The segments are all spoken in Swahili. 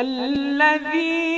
الذي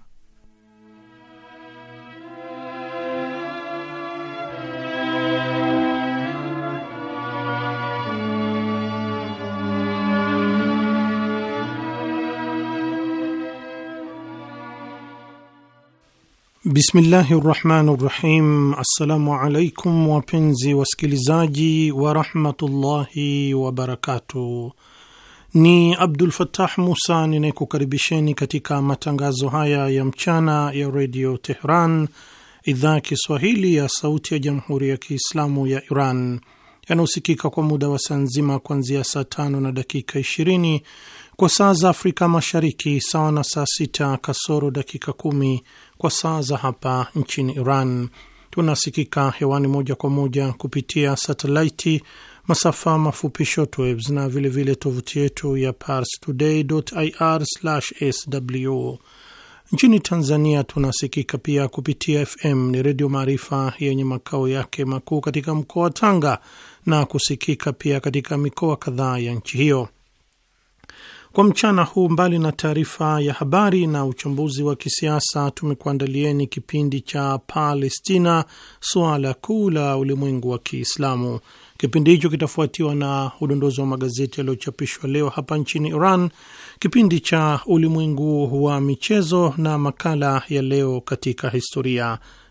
Bismillahi rrahmani rrahim. Assalamu alaikum wapenzi wasikilizaji warahmatullahi wabarakatuh. Ni Abdul Fattah Musa ninayekukaribisheni katika matangazo haya ya mchana ya redio Tehran, idhaa ya Kiswahili ya sauti ya jamhuri ya Kiislamu ya Iran yanaosikika kwa muda wa saa nzima kuanzia saa tano na dakika 20 kwa saa za Afrika Mashariki, sawa na saa sita kasoro dakika kumi kwa saa za hapa nchini Iran. Tunasikika hewani moja kwa moja kupitia satelaiti, masafa mafupi shortwaves, na vilevile tovuti yetu ya pars ir sw Nchini Tanzania tunasikika pia kupitia FM ni Redio Maarifa yenye makao yake makuu katika mkoa wa Tanga na kusikika pia katika mikoa kadhaa ya nchi hiyo. Kwa mchana huu, mbali na taarifa ya habari na uchambuzi wa kisiasa, tumekuandalieni kipindi cha Palestina, suala kuu la ulimwengu wa Kiislamu. Kipindi hicho kitafuatiwa na udondozi wa magazeti yaliyochapishwa leo hapa nchini Iran, kipindi cha ulimwengu wa michezo na makala ya leo katika historia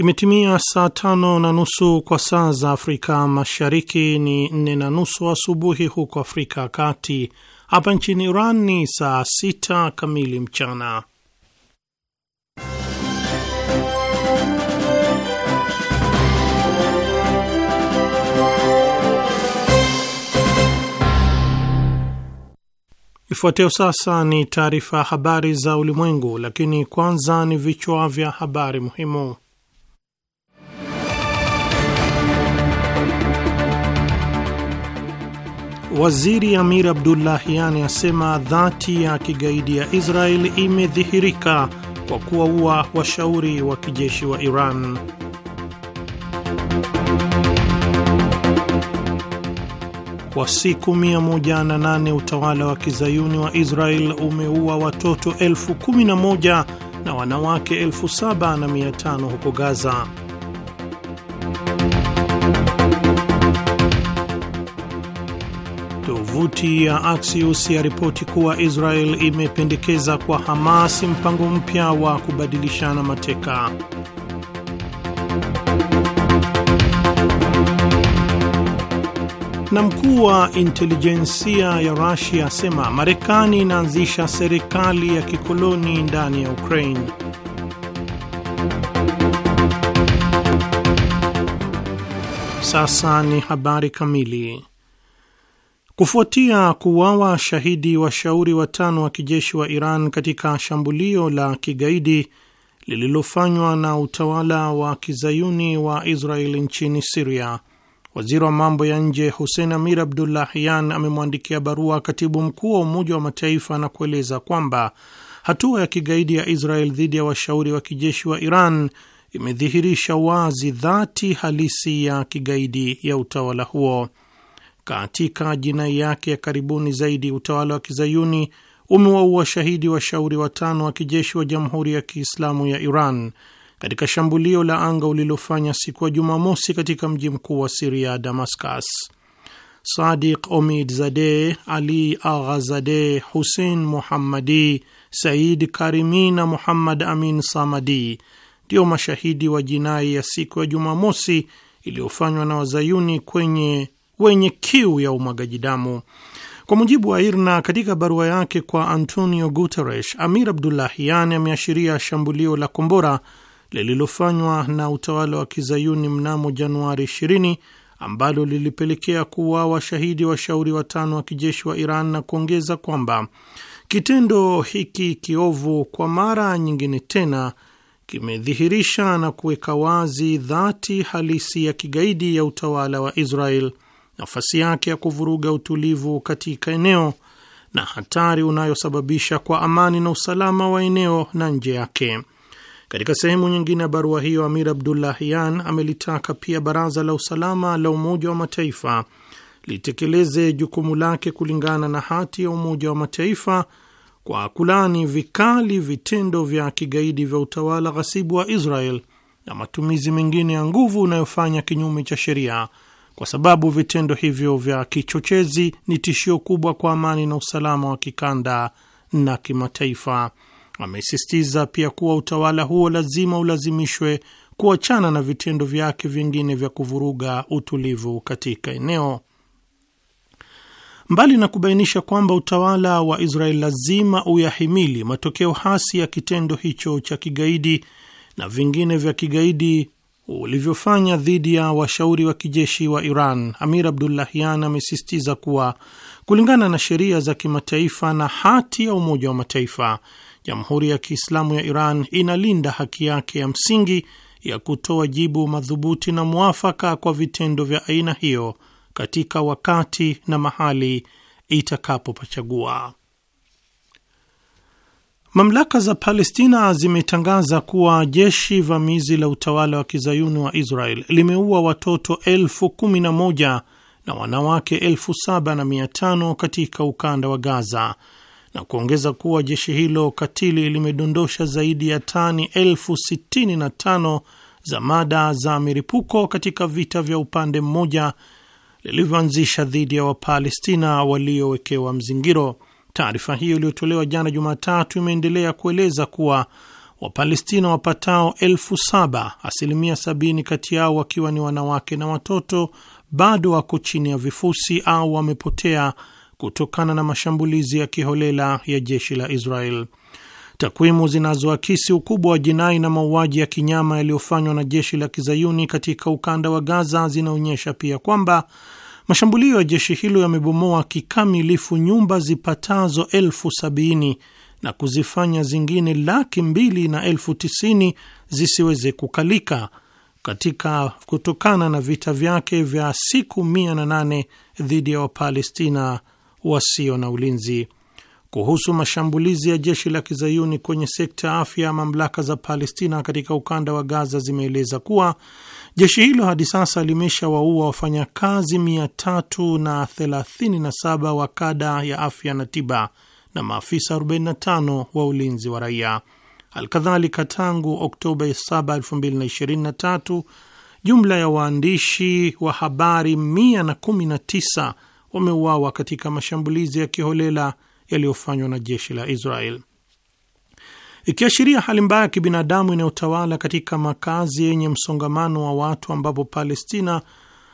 Imetimia saa tano na nusu kwa saa za Afrika Mashariki, ni nne na nusu asubuhi huko Afrika ya Kati. Hapa nchini Iran ni saa sita kamili mchana. Ifuatayo sasa ni taarifa ya habari za ulimwengu, lakini kwanza ni vichwa vya habari muhimu. Waziri Amir Abdullahian asema dhati ya kigaidi ya Israel imedhihirika kwa kuwaua washauri wa kijeshi wa Iran. Kwa siku 108 utawala wa kizayuni wa Israel umeua watoto elfu 11 na wanawake elfu 7 na huko Gaza. Tovuti ya Axios ya ripoti kuwa Israel imependekeza kwa Hamas mpango mpya wa kubadilishana mateka. Na mkuu wa intelijensia ya Rusia asema Marekani inaanzisha serikali ya kikoloni ndani ya Ukraine. Sasa ni habari kamili. Kufuatia kuuawa shahidi washauri watano wa kijeshi wa Iran katika shambulio la kigaidi lililofanywa na utawala wa kizayuni wa israel nchini Siria, waziri wa mambo ya nje Hussein Amir Abdullahian amemwandikia barua katibu mkuu wa Umoja wa Mataifa na kueleza kwamba hatua ya kigaidi ya Israel dhidi ya washauri wa kijeshi wa Iran imedhihirisha wazi dhati halisi ya kigaidi ya utawala huo. Katika jinai yake ya karibuni zaidi, utawala wa kizayuni umewaua shahidi washauri watano wa kijeshi wa Jamhuri ya Kiislamu ya Iran katika shambulio la anga ulilofanya siku ya Jumamosi katika mji mkuu wa Siria, Damascus. Sadiq Omid zade Ali Agha Zade, Hussein Muhammadi, Said Karimi na Muhammad Amin Samadi ndio mashahidi wa jinai ya siku ya Jumamosi iliyofanywa na wazayuni kwenye wenye kiu ya umwagaji damu. Kwa mujibu wa IRNA, katika barua yake kwa Antonio Guterres, Amir Abdullahian ameashiria shambulio la kombora lililofanywa na utawala wa kizayuni mnamo Januari 20 ambalo lilipelekea kuwa washahidi washauri watano wa kijeshi wa Iran na kuongeza kwamba kitendo hiki kiovu kwa mara nyingine tena kimedhihirisha na kuweka wazi dhati halisi ya kigaidi ya utawala wa Israel nafasi yake ya kuvuruga utulivu katika eneo na hatari unayosababisha kwa amani na usalama wa eneo na nje yake. Katika sehemu nyingine ya barua hiyo, Amir Abdullahian amelitaka pia Baraza la Usalama la Umoja wa Mataifa litekeleze jukumu lake kulingana na hati ya Umoja wa Mataifa kwa kulani vikali vitendo vya kigaidi vya utawala ghasibu wa Israel na matumizi mengine ya nguvu unayofanya kinyume cha sheria kwa sababu vitendo hivyo vya kichochezi ni tishio kubwa kwa amani na usalama wa kikanda na kimataifa. Amesisitiza pia kuwa utawala huo lazima ulazimishwe kuachana na vitendo vyake vingine vya kuvuruga utulivu katika eneo. Mbali na kubainisha kwamba utawala wa Israel lazima uyahimili matokeo hasi ya kitendo hicho cha kigaidi na vingine vya kigaidi ulivyofanya dhidi ya washauri wa kijeshi wa Iran, Amir Abdullahian amesisitiza kuwa kulingana na sheria za kimataifa na hati ya Umoja wa Mataifa, Jamhuri ya Kiislamu ya Iran inalinda haki yake ya msingi ya kutoa jibu madhubuti na mwafaka kwa vitendo vya aina hiyo katika wakati na mahali itakapopachagua. Mamlaka za Palestina zimetangaza kuwa jeshi vamizi la utawala wa kizayuni wa Israel limeua watoto elfu kumi na moja na wanawake elfu saba na mia tano katika ukanda wa Gaza na kuongeza kuwa jeshi hilo katili limedondosha zaidi ya tani elfu sitini na tano za mada za miripuko katika vita vya upande mmoja lilivyoanzisha dhidi ya Wapalestina waliowekewa mzingiro. Taarifa hiyo iliyotolewa jana Jumatatu imeendelea kueleza kuwa Wapalestina wapatao elfu saba, asilimia sabini kati yao wakiwa ni wanawake na watoto, bado wako chini ya vifusi au wamepotea kutokana na mashambulizi ya kiholela ya jeshi la Israel. Takwimu zinazoakisi ukubwa wa jinai na mauaji ya kinyama yaliyofanywa na jeshi la kizayuni katika ukanda wa Gaza zinaonyesha pia kwamba Mashambulio ya jeshi hilo yamebomoa kikamilifu nyumba zipatazo elfu sabini na kuzifanya zingine laki mbili na elfu tisini zisiweze kukalika katika kutokana na vita vyake vya siku mia na nane dhidi ya Wapalestina wasio na ulinzi. Kuhusu mashambulizi ya jeshi la kizayuni kwenye sekta ya afya, mamlaka za Palestina katika ukanda wa Gaza zimeeleza kuwa Jeshi hilo hadi sasa limeshawaua wafanyakazi 337 wa kada ya afya na tiba na maafisa 45 wa ulinzi wa raia. Alkadhalika, tangu Oktoba 7, 2023 jumla ya waandishi wa habari 119 wameuawa katika mashambulizi ya kiholela yaliyofanywa na jeshi la Israel ikiashiria hali mbaya ya kibinadamu inayotawala katika makazi yenye msongamano wa watu ambapo Palestina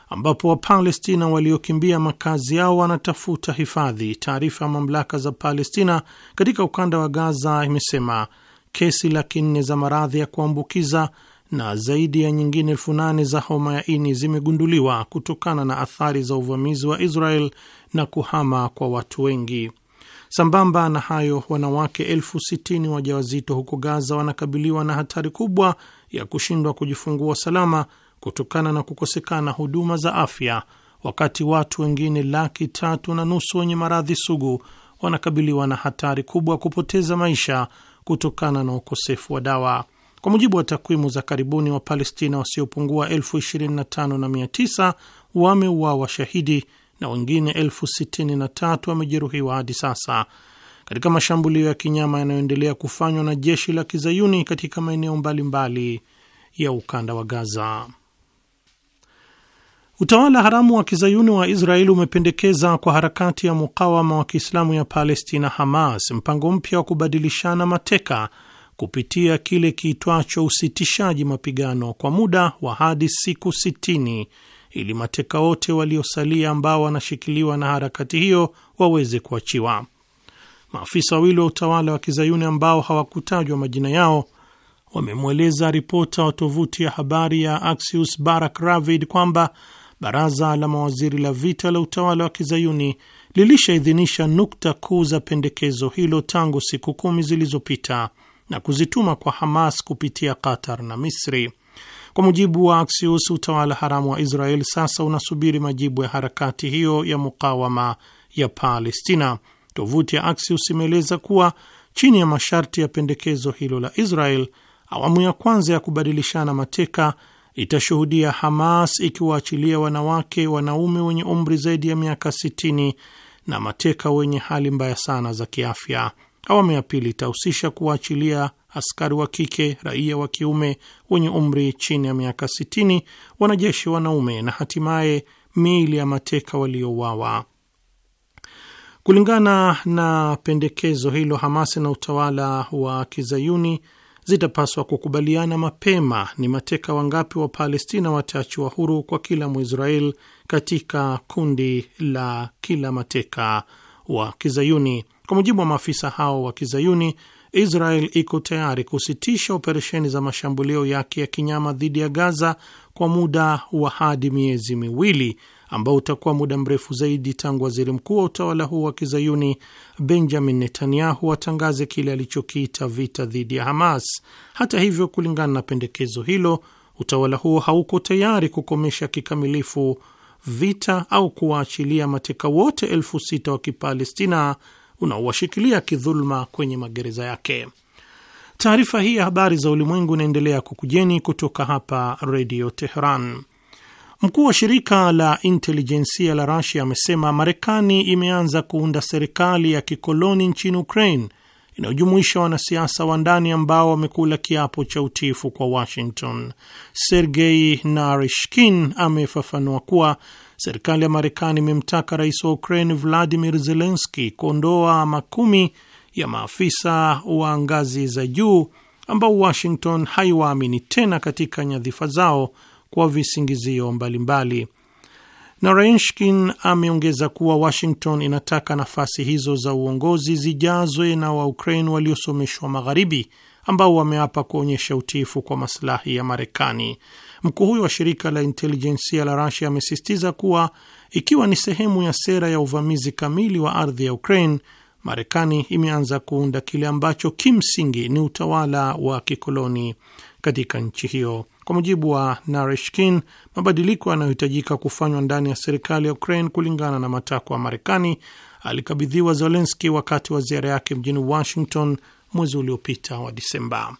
ambapo Wapalestina waliokimbia makazi yao wanatafuta hifadhi. Taarifa ya mamlaka za Palestina katika ukanda wa Gaza imesema kesi laki nne za maradhi ya kuambukiza na zaidi ya nyingine elfu nane za homa ya ini zimegunduliwa kutokana na athari za uvamizi wa Israel na kuhama kwa watu wengi. Sambamba na hayo, wanawake elfu sitini wajawazito huko Gaza wanakabiliwa na hatari kubwa ya kushindwa kujifungua salama kutokana na kukosekana huduma za afya, wakati watu wengine laki tatu na nusu wenye maradhi sugu wanakabiliwa na hatari kubwa ya kupoteza maisha kutokana na ukosefu wa dawa. Kwa mujibu wa takwimu za karibuni, Wapalestina wasiopungua elfu ishirini na tano na mia tisa wameuawa shahidi na wengine elfu sitini na tatu wamejeruhiwa hadi sasa katika mashambulio ya kinyama yanayoendelea kufanywa na jeshi la kizayuni katika maeneo mbalimbali ya ukanda wa Gaza. Utawala haramu wa kizayuni wa Israeli umependekeza kwa harakati ya mukawama wa kiislamu ya Palestina, Hamas, mpango mpya wa kubadilishana mateka kupitia kile kiitwacho usitishaji mapigano kwa muda wa hadi siku sitini ili mateka wote waliosalia ambao wanashikiliwa na harakati hiyo waweze kuachiwa. Maafisa wawili wa utawala wa kizayuni ambao hawakutajwa majina yao wamemweleza ripota wa tovuti ya habari ya Axios Barak Ravid kwamba baraza la mawaziri la vita la utawala wa kizayuni lilishaidhinisha nukta kuu za pendekezo hilo tangu siku kumi zilizopita na kuzituma kwa Hamas kupitia Qatar na Misri. Kwa mujibu wa Axios, utawala haramu wa Israel sasa unasubiri majibu ya harakati hiyo ya mukawama ya Palestina. Tovuti ya Axios imeeleza kuwa chini ya masharti ya pendekezo hilo la Israel, awamu ya kwanza ya kubadilishana mateka itashuhudia Hamas ikiwaachilia wanawake, wanaume wenye umri zaidi ya miaka 60 na mateka wenye hali mbaya sana za kiafya. Awamu ya pili itahusisha kuwaachilia askari wa kike, raia wa kiume wenye umri chini ya miaka 60, wanajeshi wanaume na hatimaye miili ya mateka waliouawa. Kulingana na pendekezo hilo, Hamas na utawala wa kizayuni zitapaswa kukubaliana mapema ni mateka wangapi wa Palestina wataachiwa huru kwa kila Mwisrael katika kundi la kila mateka wa kizayuni. Kwa mujibu wa maafisa hao wa kizayuni, Israel iko tayari kusitisha operesheni za mashambulio yake ya kinyama dhidi ya Gaza kwa muda wa hadi miezi miwili ambao utakuwa muda mrefu zaidi tangu waziri mkuu wa utawala huo wa kizayuni Benjamin Netanyahu atangaze kile alichokiita vita dhidi ya Hamas. Hata hivyo, kulingana na pendekezo hilo, utawala huo hauko tayari kukomesha kikamilifu vita au kuwaachilia mateka wote elfu sita wa Kipalestina unaowashikilia kidhuluma kwenye magereza yake. Taarifa hii ya habari za ulimwengu inaendelea kukujeni kutoka hapa Redio Teheran. Mkuu wa shirika la intelijensia la Rasia amesema Marekani imeanza kuunda serikali ya kikoloni nchini Ukraine inayojumuisha wanasiasa wa ndani ambao wamekula kiapo cha utiifu kwa Washington. Sergei Narishkin amefafanua kuwa serikali ya Marekani imemtaka rais wa Ukraine Vladimir Zelenski kuondoa makumi ya maafisa wa ngazi za juu ambao Washington haiwaamini tena katika nyadhifa zao kwa visingizio mbalimbali. Narenshkin ameongeza kuwa Washington inataka nafasi hizo za uongozi zijazwe na Waukraine waliosomeshwa Magharibi ambao wameapa kuonyesha utiifu kwa masilahi ya Marekani. Mkuu huyo wa shirika la intelijensia la Rasia amesisitiza kuwa ikiwa ni sehemu ya sera ya uvamizi kamili wa ardhi ya Ukraine, Marekani imeanza kuunda kile ambacho kimsingi ni utawala wa kikoloni katika nchi hiyo. Kwa mujibu wa Nareshkin, mabadiliko yanayohitajika kufanywa ndani ya serikali ya Ukraine kulingana na matakwa ya Marekani alikabidhiwa Zelenski wakati wa ziara yake mjini Washington mwezi uliopita wa Disemba.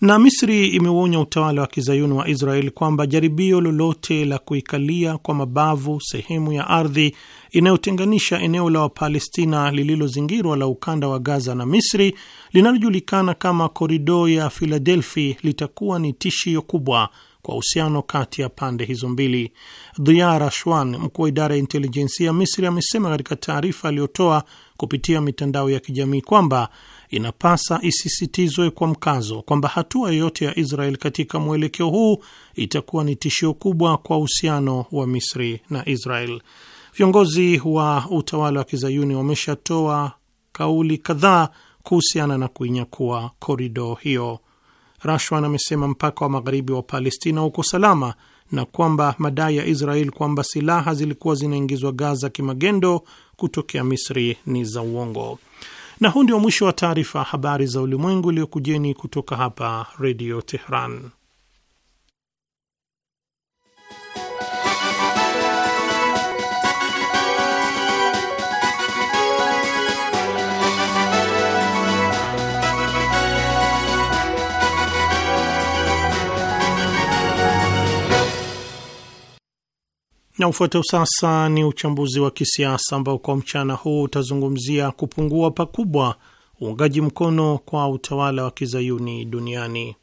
Na Misri imeuonya utawala wa kizayuni wa Israeli kwamba jaribio lolote la kuikalia kwa mabavu sehemu ya ardhi inayotenganisha eneo la Wapalestina lililozingirwa la ukanda wa Gaza na Misri linalojulikana kama korido ya Filadelfi litakuwa ni tishio kubwa kwa uhusiano kati ya pande hizo mbili. dhia Rashwan, mkuu wa idara ya intelijensia ya Misri, amesema katika taarifa aliyotoa kupitia mitandao ya kijamii kwamba inapasa isisitizwe kwa mkazo kwamba hatua yoyote ya Israel katika mwelekeo huu itakuwa ni tishio kubwa kwa uhusiano wa Misri na Israel. Viongozi wa utawala wa kizayuni wameshatoa kauli kadhaa kuhusiana na kuinyakua korido hiyo. Rashwan amesema mpaka wa magharibi wa Palestina uko salama na kwamba madai ya Israel kwamba silaha zilikuwa zinaingizwa Gaza kimagendo kutokea Misri ni za uongo. Na huu ndio mwisho wa taarifa habari za ulimwengu iliyokujeni kutoka hapa Redio Tehran. Na ufuatao sasa ni uchambuzi wa kisiasa ambao kwa mchana huu utazungumzia kupungua pakubwa uungaji mkono kwa utawala wa kizayuni duniani.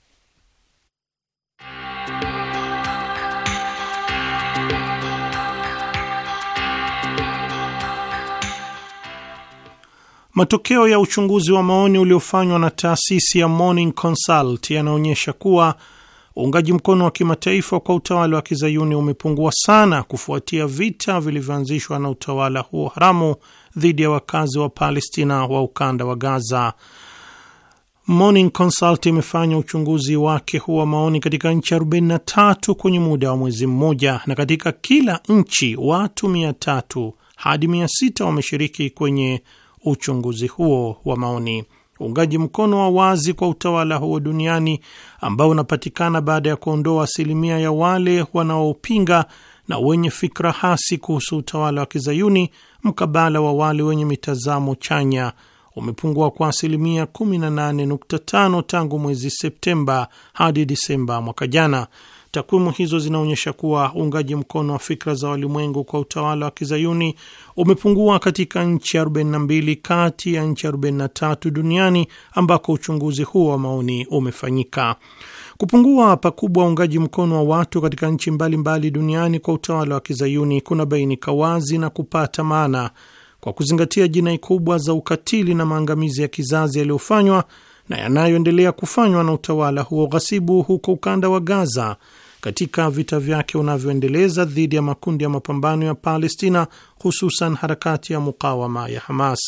Matokeo ya uchunguzi wa maoni uliofanywa na taasisi ya Morning Consult yanaonyesha kuwa Uungaji mkono wa kimataifa kwa utawala wa kizayuni umepungua sana kufuatia vita vilivyoanzishwa na utawala huo haramu dhidi ya wakazi wa Palestina wa ukanda wa Gaza. Morning Consult imefanya uchunguzi wake huu wa maoni katika nchi 43 kwenye muda wa mwezi mmoja, na katika kila nchi watu 300 hadi 600 wameshiriki kwenye uchunguzi huo wa maoni uungaji mkono wa wazi kwa utawala huo duniani ambao unapatikana baada ya kuondoa asilimia ya wale wanaopinga na wenye fikra hasi kuhusu utawala wa kizayuni mkabala wa wale wenye mitazamo chanya umepungua kwa asilimia 18.5 tangu mwezi Septemba hadi Disemba mwaka jana. Takwimu hizo zinaonyesha kuwa uungaji mkono wa fikra za walimwengu kwa utawala wa kizayuni umepungua katika nchi 42 kati ya nchi 43 duniani ambako uchunguzi huo wa maoni umefanyika. Kupungua pakubwa uungaji mkono wa watu katika nchi mbalimbali duniani kwa utawala wa kizayuni kuna bainika wazi na kupata maana kwa kuzingatia jinai kubwa za ukatili na maangamizi ya kizazi yaliyofanywa na yanayoendelea kufanywa na utawala huo ghasibu huko ukanda wa Gaza katika vita vyake unavyoendeleza dhidi ya makundi ya mapambano ya Palestina, hususan harakati ya mukawama ya Hamas.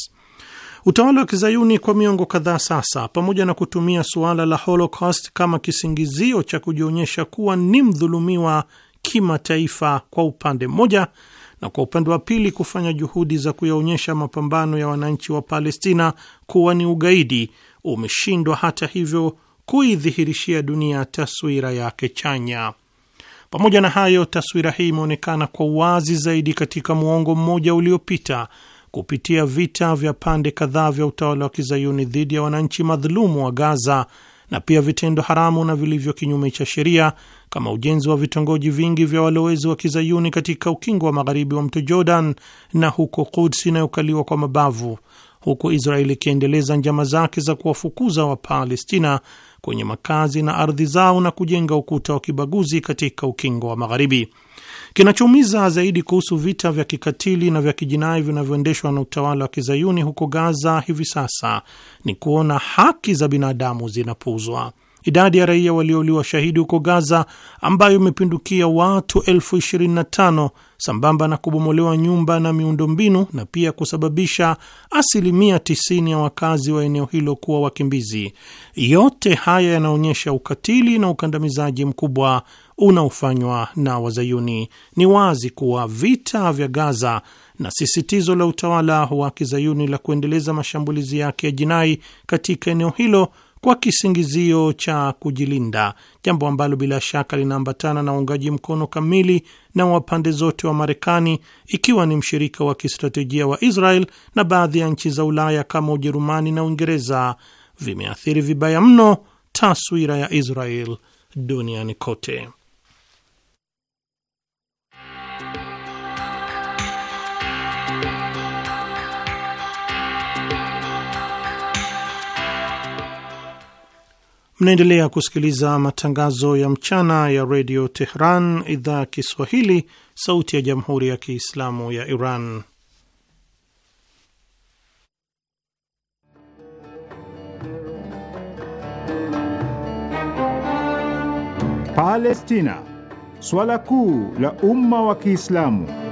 Utawala wa kizayuni kwa miongo kadhaa sasa, pamoja na kutumia suala la Holocaust kama kisingizio cha kujionyesha kuwa ni mdhulumiwa kimataifa kwa upande mmoja, na kwa upande wa pili kufanya juhudi za kuyaonyesha mapambano ya wananchi wa Palestina kuwa ni ugaidi, umeshindwa hata hivyo kuidhihirishia dunia taswira yake chanya. Pamoja na hayo, taswira hii imeonekana kwa wazi zaidi katika muongo mmoja uliopita kupitia vita vya pande kadhaa vya utawala wa kizayuni dhidi ya wananchi madhulumu wa Gaza na pia vitendo haramu na vilivyo kinyume cha sheria kama ujenzi wa vitongoji vingi vya walowezi wa kizayuni katika ukingo wa magharibi wa mto Jordan na huko Quds inayokaliwa kwa mabavu, huku Israeli ikiendeleza njama zake za kuwafukuza Wapalestina kwenye makazi na ardhi zao na kujenga ukuta wa kibaguzi katika ukingo wa Magharibi. Kinachoumiza zaidi kuhusu vita vya kikatili na vya kijinai vinavyoendeshwa na utawala wa kizayuni huko Gaza hivi sasa ni kuona haki za binadamu zinapuuzwa. Idadi ya raia waliouliwa shahidi huko Gaza, ambayo imepindukia watu elfu ishirini na tano sambamba na kubomolewa nyumba na miundombinu na pia kusababisha asilimia 90 ya wakazi wa eneo hilo kuwa wakimbizi. Yote haya yanaonyesha ukatili na ukandamizaji mkubwa unaofanywa na Wazayuni. Ni wazi kuwa vita vya Gaza na sisitizo la utawala wa kizayuni la kuendeleza mashambulizi yake ya jinai katika eneo hilo kwa kisingizio cha kujilinda, jambo ambalo bila shaka linaambatana na uungaji mkono kamili na wa pande zote wa Marekani, ikiwa ni mshirika wa kistratejia wa Israel na baadhi ya nchi za Ulaya kama Ujerumani na Uingereza, vimeathiri vibaya mno taswira ya Israel duniani kote. Mnaendelea kusikiliza matangazo ya mchana ya redio Tehran, idhaa ya Kiswahili, sauti ya jamhuri ya kiislamu ya Iran. Palestina, swala kuu la umma wa Kiislamu.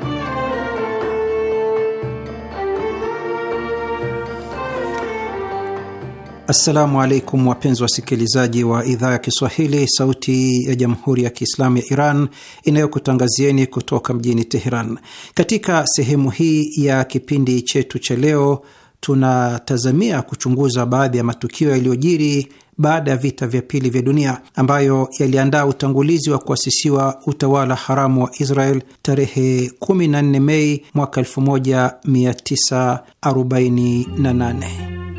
Assalamu alaikum wapenzi wasikilizaji wa idhaa ya Kiswahili, sauti ya jamhuri ya kiislamu ya Iran inayokutangazieni kutoka mjini Teheran. Katika sehemu hii ya kipindi chetu cha leo, tunatazamia kuchunguza baadhi ya matukio yaliyojiri baada ya vita vya pili vya dunia ambayo yaliandaa utangulizi wa kuasisiwa utawala haramu wa Israel tarehe 14 Mei mwaka 1948.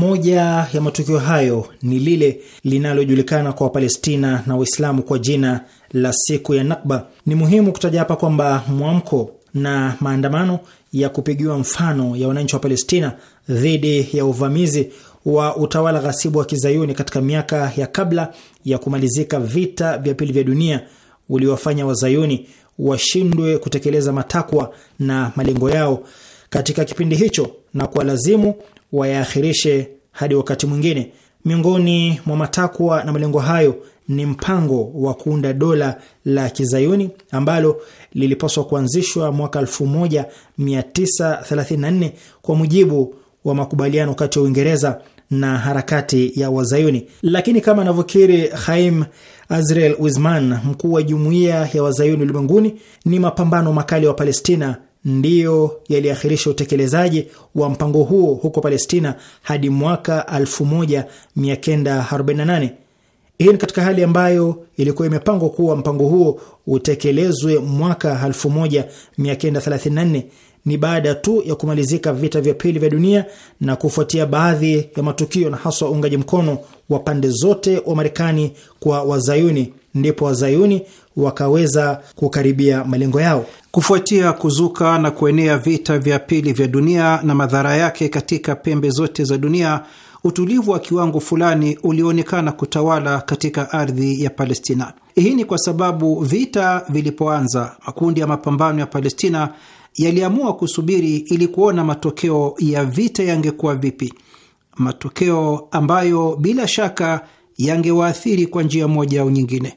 Moja ya matukio hayo ni lile linalojulikana kwa Wapalestina na Waislamu kwa jina la siku ya Nakba. Ni muhimu kutaja hapa kwamba mwamko na maandamano ya kupigiwa mfano ya wananchi wa Palestina dhidi ya uvamizi wa utawala ghasibu wa kizayuni katika miaka ya kabla ya kumalizika vita vya pili vya dunia uliowafanya wazayuni washindwe kutekeleza matakwa na malengo yao katika kipindi hicho na kuwalazimu wayaakhirishe hadi wakati mwingine. Miongoni mwa matakwa na malengo hayo ni mpango wa kuunda dola la kizayuni ambalo lilipaswa kuanzishwa mwaka 1934 kwa mujibu wa makubaliano kati ya Uingereza na harakati ya Wazayuni. Lakini kama anavyokiri Haim Azrael Wisman, mkuu wa jumuiya ya Wazayuni ulimwenguni, ni mapambano makali wa Palestina ndiyo yaliakhirisha utekelezaji wa mpango huo huko Palestina hadi mwaka 1948. Hii ni katika hali ambayo ilikuwa imepangwa kuwa mpango huo utekelezwe mwaka 1934. Ni baada tu ya kumalizika vita vya pili vya dunia na kufuatia baadhi ya matukio na haswa uungaji mkono wa pande zote wa Marekani kwa Wazayuni, ndipo Wazayuni wakaweza kukaribia malengo yao. Kufuatia kuzuka na kuenea vita vya pili vya dunia na madhara yake katika pembe zote za dunia, utulivu wa kiwango fulani ulionekana kutawala katika ardhi ya Palestina. Hii ni kwa sababu vita vilipoanza, makundi ya mapambano ya Palestina yaliamua kusubiri ili kuona matokeo ya vita yangekuwa vipi, matokeo ambayo bila shaka yangewaathiri kwa njia moja au nyingine.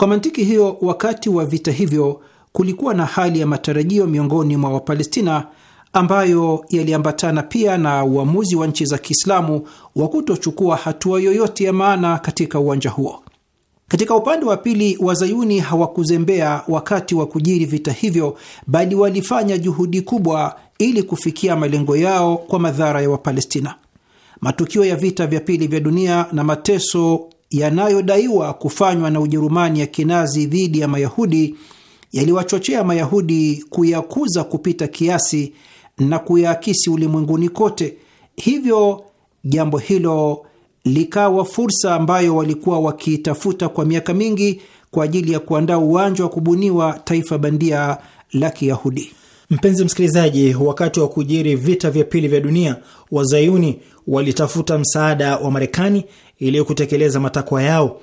Kwa mantiki hiyo, wakati wa vita hivyo kulikuwa na hali ya matarajio miongoni mwa Wapalestina ambayo yaliambatana pia na uamuzi wa nchi za Kiislamu wa kutochukua hatua yoyote ya maana katika uwanja huo. Katika upande wa pili, wazayuni hawakuzembea wakati wa kujiri vita hivyo, bali walifanya juhudi kubwa ili kufikia malengo yao kwa madhara ya Wapalestina. Matukio ya vita vya pili vya dunia na mateso yanayodaiwa kufanywa na Ujerumani ya kinazi dhidi ya Mayahudi yaliwachochea Mayahudi kuyakuza kupita kiasi na kuyaakisi ulimwenguni kote. Hivyo jambo hilo likawa fursa ambayo walikuwa wakiitafuta kwa miaka mingi kwa ajili ya kuandaa uwanja wa kubuniwa taifa bandia la Kiyahudi. Mpenzi msikilizaji, wakati wa kujiri vita vya pili vya dunia, wazayuni walitafuta msaada wa Marekani ili kutekeleza matakwa yao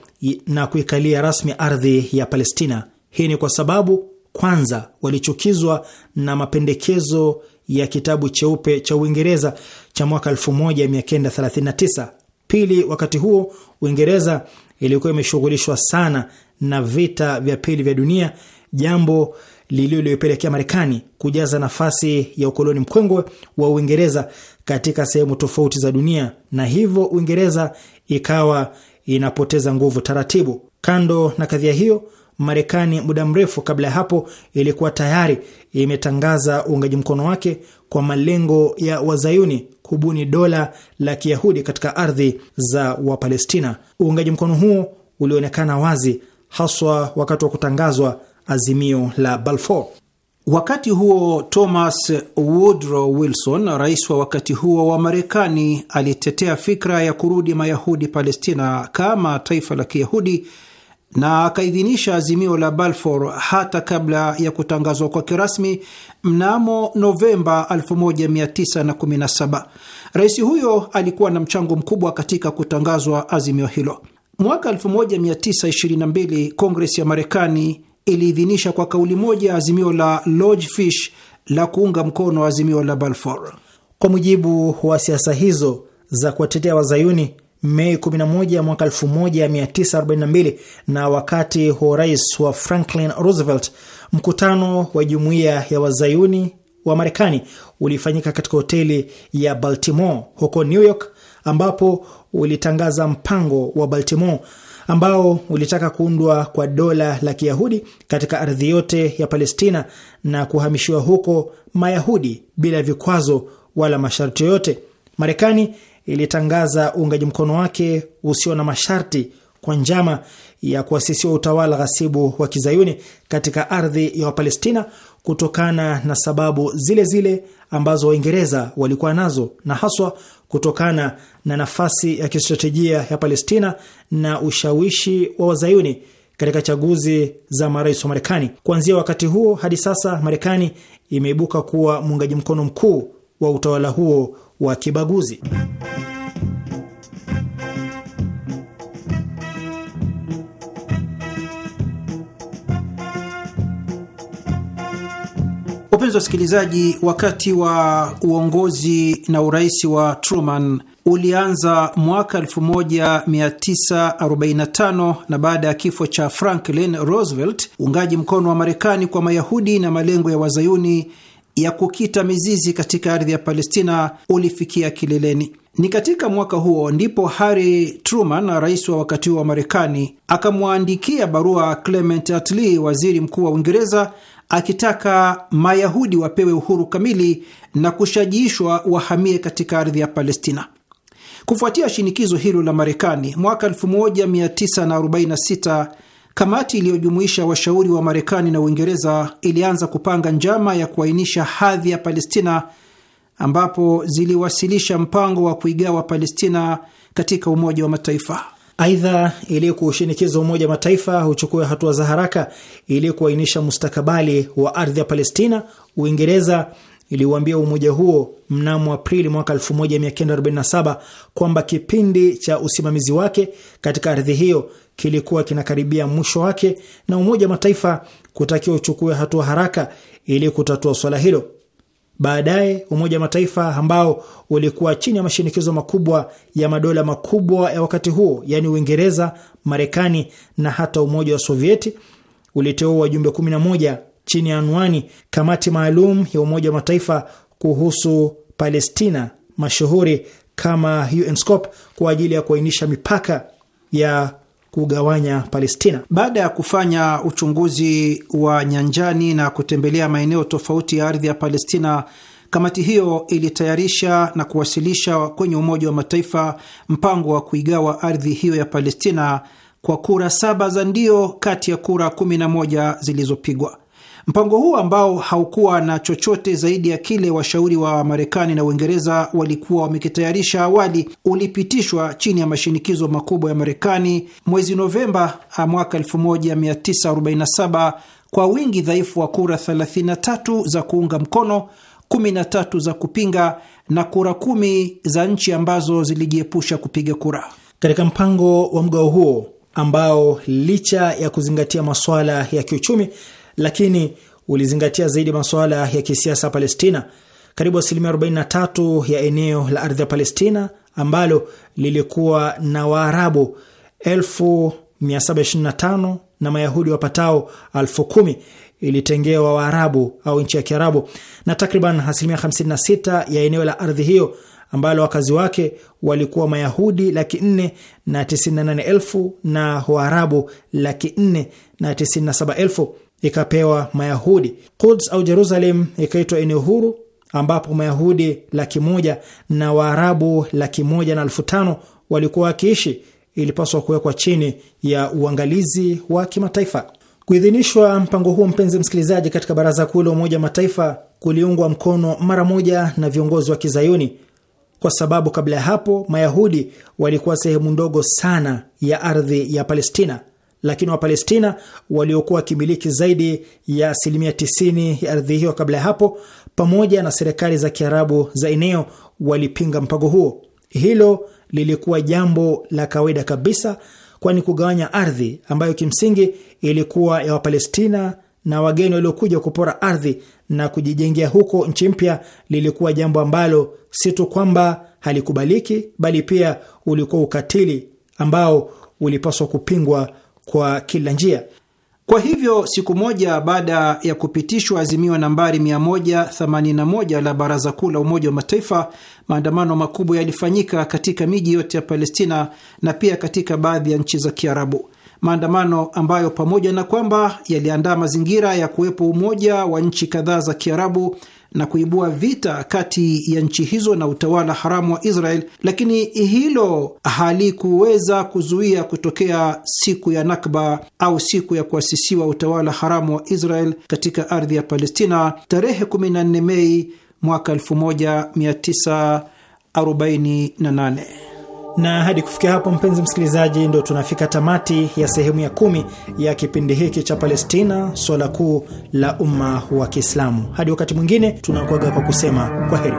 na kuikalia rasmi ardhi ya Palestina. Hii ni kwa sababu kwanza, walichukizwa na mapendekezo ya kitabu cheupe cha Uingereza cha mwaka 1939. Pili, wakati huo Uingereza ilikuwa imeshughulishwa sana na vita vya pili vya dunia, jambo lililoipelekea Marekani kujaza nafasi ya ukoloni mkwengwe wa Uingereza katika sehemu tofauti za dunia, na hivyo Uingereza ikawa inapoteza nguvu taratibu. Kando na kadhia hiyo, Marekani muda mrefu kabla ya hapo ilikuwa tayari imetangaza uungaji mkono wake kwa malengo ya wazayuni kubuni dola la kiyahudi katika ardhi za Wapalestina. Uungaji mkono huo ulionekana wazi haswa wakati wa kutangazwa azimio la Balfour. Wakati huo Thomas Woodrow Wilson, rais wa wakati huo wa Marekani, alitetea fikra ya kurudi Mayahudi Palestina kama taifa la Kiyahudi na akaidhinisha azimio la Balfour hata kabla ya kutangazwa kwake rasmi mnamo Novemba 1917. Rais huyo alikuwa na mchango mkubwa katika kutangazwa azimio hilo. Mwaka 1922 Kongres ya Marekani iliidhinisha kwa kauli moja azimio la Lodge Fish la kuunga mkono azimio la Balfour. Kwa mujibu wa siasa hizo za kuwatetea Wazayuni, Mei 11 mwaka 1942, na wakati wa urais wa Franklin Roosevelt, mkutano wa jumuiya ya Wazayuni wa Marekani ulifanyika katika hoteli ya Baltimore huko New York, ambapo ulitangaza mpango wa Baltimore ambao ulitaka kuundwa kwa dola la Kiyahudi katika ardhi yote ya Palestina na kuhamishiwa huko Mayahudi bila vikwazo wala masharti yoyote. Marekani ilitangaza uungaji mkono wake usio na masharti kwa njama ya kuasisiwa utawala ghasibu wa Kizayuni katika ardhi ya Wapalestina kutokana na sababu zile zile ambazo Waingereza walikuwa nazo na haswa kutokana na nafasi ya kistratejia ya Palestina na ushawishi wa Wazayuni katika chaguzi za marais wa Marekani. Kuanzia wakati huo hadi sasa, Marekani imeibuka kuwa muungaji mkono mkuu wa utawala huo wa kibaguzi. Wapenzi wasikilizaji, wakati wa uongozi na urais wa Truman ulianza mwaka 1945 na baada ya kifo cha Franklin Roosevelt, uungaji mkono wa Marekani kwa Mayahudi na malengo ya Wazayuni ya kukita mizizi katika ardhi ya Palestina ulifikia kileleni. Ni katika mwaka huo ndipo Harry Truman, rais wa wakati huo wa Marekani, akamwandikia barua Clement Attlee, waziri mkuu wa Uingereza, akitaka Mayahudi wapewe uhuru kamili na kushajiishwa wahamie katika ardhi ya Palestina. Kufuatia shinikizo hilo la Marekani, mwaka 1946 kamati iliyojumuisha washauri wa Marekani na Uingereza ilianza kupanga njama ya kuainisha hadhi ya Palestina, ambapo ziliwasilisha mpango wa kuigawa Palestina katika Umoja wa Mataifa. Aidha, ili kushinikiza Umoja wa Mataifa uchukue hatua za haraka ili kuainisha mustakabali wa ardhi ya Palestina, Uingereza iliuambia umoja huo mnamo Aprili mwaka 1947 kwamba kipindi cha usimamizi wake katika ardhi hiyo kilikuwa kinakaribia mwisho wake na Umoja wa Mataifa kutakiwa uchukue hatua haraka ili kutatua swala hilo. Baadaye Umoja wa Mataifa ambao ulikuwa chini ya mashinikizo makubwa ya madola makubwa ya wakati huo, yaani Uingereza, Marekani na hata Umoja wa Sovieti, uliteua wajumbe 11 chini ya anwani Kamati Maalum ya Umoja wa Mataifa kuhusu Palestina, mashuhuri kama UNSCOP, kwa ajili ya kuainisha mipaka ya kugawanya Palestina. Baada ya kufanya uchunguzi wa nyanjani na kutembelea maeneo tofauti ya ardhi ya Palestina, kamati hiyo ilitayarisha na kuwasilisha kwenye Umoja wa Mataifa mpango wa kuigawa ardhi hiyo ya Palestina kwa kura saba za ndio kati ya kura kumi na moja zilizopigwa. Mpango huu ambao haukuwa na chochote zaidi ya kile washauri wa Marekani na Uingereza walikuwa wamekitayarisha awali ulipitishwa chini ya mashinikizo makubwa ya Marekani mwezi Novemba ah, mwaka 1947 kwa wingi dhaifu wa kura 33 za kuunga mkono, 13 za kupinga na kura kumi za nchi ambazo zilijiepusha kupiga kura. Katika mpango wa mgao huo ambao licha ya kuzingatia masuala ya kiuchumi lakini ulizingatia zaidi masuala ya kisiasa Palestina. Karibu asilimia 43 ya eneo la ardhi ya Palestina ambalo lilikuwa na Waarabu 725 na Mayahudi wapatao 10,000 ilitengewa Waarabu au nchi ya Kiarabu, na takriban asilimia 56 ya eneo la ardhi hiyo ambalo wakazi wake walikuwa Mayahudi laki nne na 98 na elfu na Waarabu laki nne na tisini elfu ikapewa Mayahudi. Quds au Jerusalem ikaitwa eneo huru ambapo Mayahudi laki moja na Waarabu laki moja na elfu tano walikuwa wakiishi, ilipaswa kuwekwa chini ya uangalizi wa kimataifa. Kuidhinishwa mpango huo, mpenzi msikilizaji, katika Baraza Kuu la Umoja wa Mataifa kuliungwa mkono mara moja na viongozi wa Kizayuni, kwa sababu kabla ya hapo Mayahudi walikuwa sehemu ndogo sana ya ardhi ya Palestina lakini Wapalestina waliokuwa wakimiliki zaidi ya asilimia 90 ya ardhi hiyo kabla ya hapo, pamoja na serikali za Kiarabu za eneo walipinga mpango huo. Hilo lilikuwa jambo la kawaida kabisa, kwani kugawanya ardhi ambayo kimsingi ilikuwa ya Wapalestina na wageni waliokuja kupora ardhi na kujijengea huko nchi mpya lilikuwa jambo ambalo si tu kwamba halikubaliki, bali pia ulikuwa ukatili ambao ulipaswa kupingwa kwa kila njia. Kwa hivyo siku moja baada ya kupitishwa azimio nambari 181 la Baraza Kuu la Umoja wa Mataifa, maandamano makubwa yalifanyika katika miji yote ya Palestina na pia katika baadhi ya nchi za Kiarabu, maandamano ambayo pamoja na kwamba yaliandaa mazingira ya kuwepo umoja wa nchi kadhaa za Kiarabu na kuibua vita kati ya nchi hizo na utawala haramu wa Israel, lakini hilo halikuweza kuzuia kutokea siku ya Nakba au siku ya kuasisiwa utawala haramu wa Israel katika ardhi ya Palestina tarehe 14 Mei mwaka 1948. Na hadi kufikia hapo, mpenzi msikilizaji, ndo tunafika tamati ya sehemu ya kumi ya kipindi hiki cha Palestina, swala kuu la umma wa Kiislamu. Hadi wakati mwingine, tunakuaga kwa kusema kwa heri.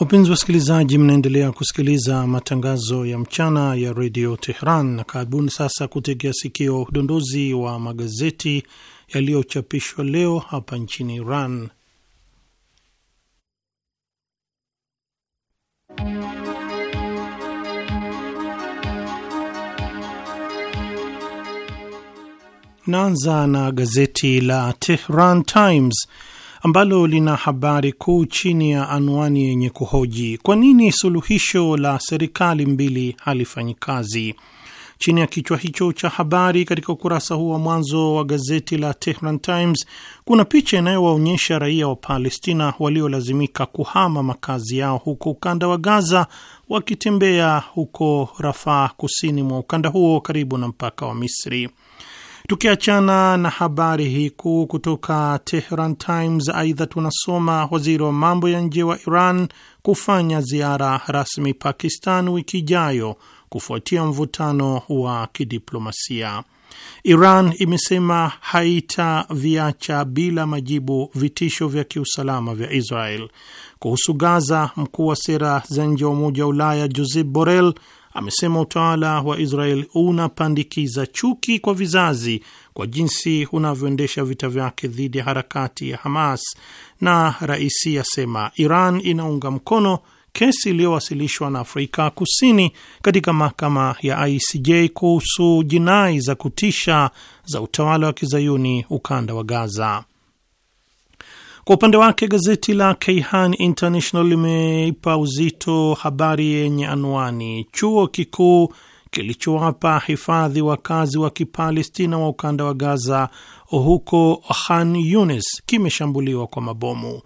Wapenzi wasikilizaji, mnaendelea kusikiliza matangazo ya mchana ya redio Tehran, na karibuni sasa kutegea sikio udondozi wa magazeti yaliyochapishwa leo hapa nchini Iran. Naanza na gazeti la Tehran Times ambalo lina habari kuu chini ya anwani yenye kuhoji kwa nini suluhisho la serikali mbili halifanyi kazi. Chini ya kichwa hicho cha habari katika ukurasa huu wa mwanzo wa gazeti la Tehran Times kuna picha inayowaonyesha raia wa Palestina waliolazimika kuhama makazi yao huko ukanda wa Gaza wakitembea huko Rafah, kusini mwa ukanda huo karibu na mpaka wa Misri. Tukiachana na habari hii kuu kutoka Tehran Times, aidha tunasoma waziri wa mambo ya nje wa Iran kufanya ziara rasmi Pakistan wiki ijayo kufuatia mvutano wa kidiplomasia. Iran imesema haitaviacha bila majibu vitisho vya kiusalama vya Israel. Kuhusu Gaza, mkuu wa sera za nje wa Umoja wa Ulaya Josep Borrell amesema utawala wa Israel unapandikiza chuki kwa vizazi kwa jinsi unavyoendesha vita vyake dhidi ya harakati ya Hamas, na raisi asema Iran inaunga mkono kesi iliyowasilishwa na Afrika Kusini katika mahakama ya ICJ kuhusu jinai za kutisha za utawala wa kizayuni ukanda wa Gaza. Kwa upande wake gazeti la Kayhan International limeipa uzito habari yenye anwani chuo kikuu kilichowapa hifadhi wakazi wa Kipalestina wa ukanda wa Gaza huko Khan Yunis kimeshambuliwa kwa mabomu.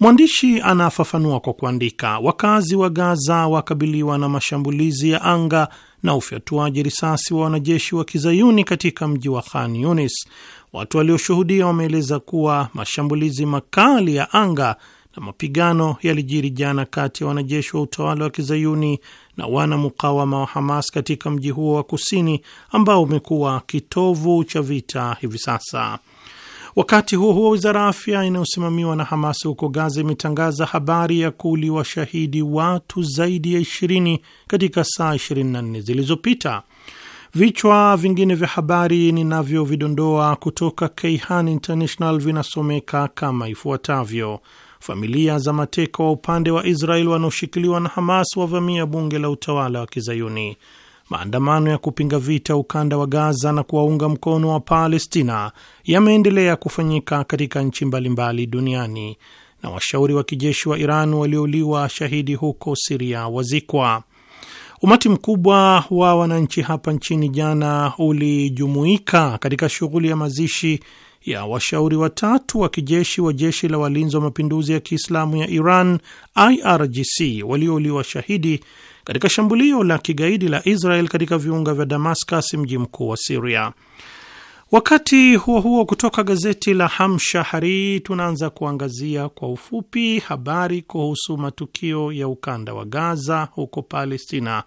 Mwandishi anafafanua kwa kuandika, wakazi wa Gaza wakabiliwa na mashambulizi ya anga na ufyatuaji risasi wa wanajeshi wa kizayuni katika mji wa Khan Yunis. Watu walioshuhudia wameeleza kuwa mashambulizi makali ya anga na mapigano yalijiri jana kati ya wanajeshi wa utawala wa kizayuni na wana mukawama wa Hamas katika mji huo wa kusini ambao umekuwa kitovu cha vita hivi sasa. Wakati huo huo, wizara ya afya inayosimamiwa na Hamas huko Gaza imetangaza habari ya kuuliwa shahidi watu zaidi ya 20 katika saa 24 zilizopita. Vichwa vingine vya habari ninavyovidondoa kutoka Kayhan International vinasomeka kama ifuatavyo: familia za mateka wa upande wa Israel wanaoshikiliwa na Hamas wavamia bunge la utawala wa Kizayuni. Maandamano ya kupinga vita ukanda wa Gaza na kuwaunga mkono wa Palestina yameendelea kufanyika katika nchi mbalimbali duniani, na washauri wa kijeshi wa Iran waliouliwa shahidi huko Siria wazikwa. Umati mkubwa wa wananchi hapa nchini jana ulijumuika katika shughuli ya mazishi ya washauri watatu wa kijeshi wa jeshi la walinzi wa mapinduzi ya Kiislamu ya Iran IRGC waliouliwa shahidi katika shambulio la kigaidi la Israel katika viunga vya Damascus, mji mkuu wa Siria. Wakati huo huo, kutoka gazeti la Hamshahari tunaanza kuangazia kwa ufupi habari kuhusu matukio ya ukanda wa Gaza huko Palestina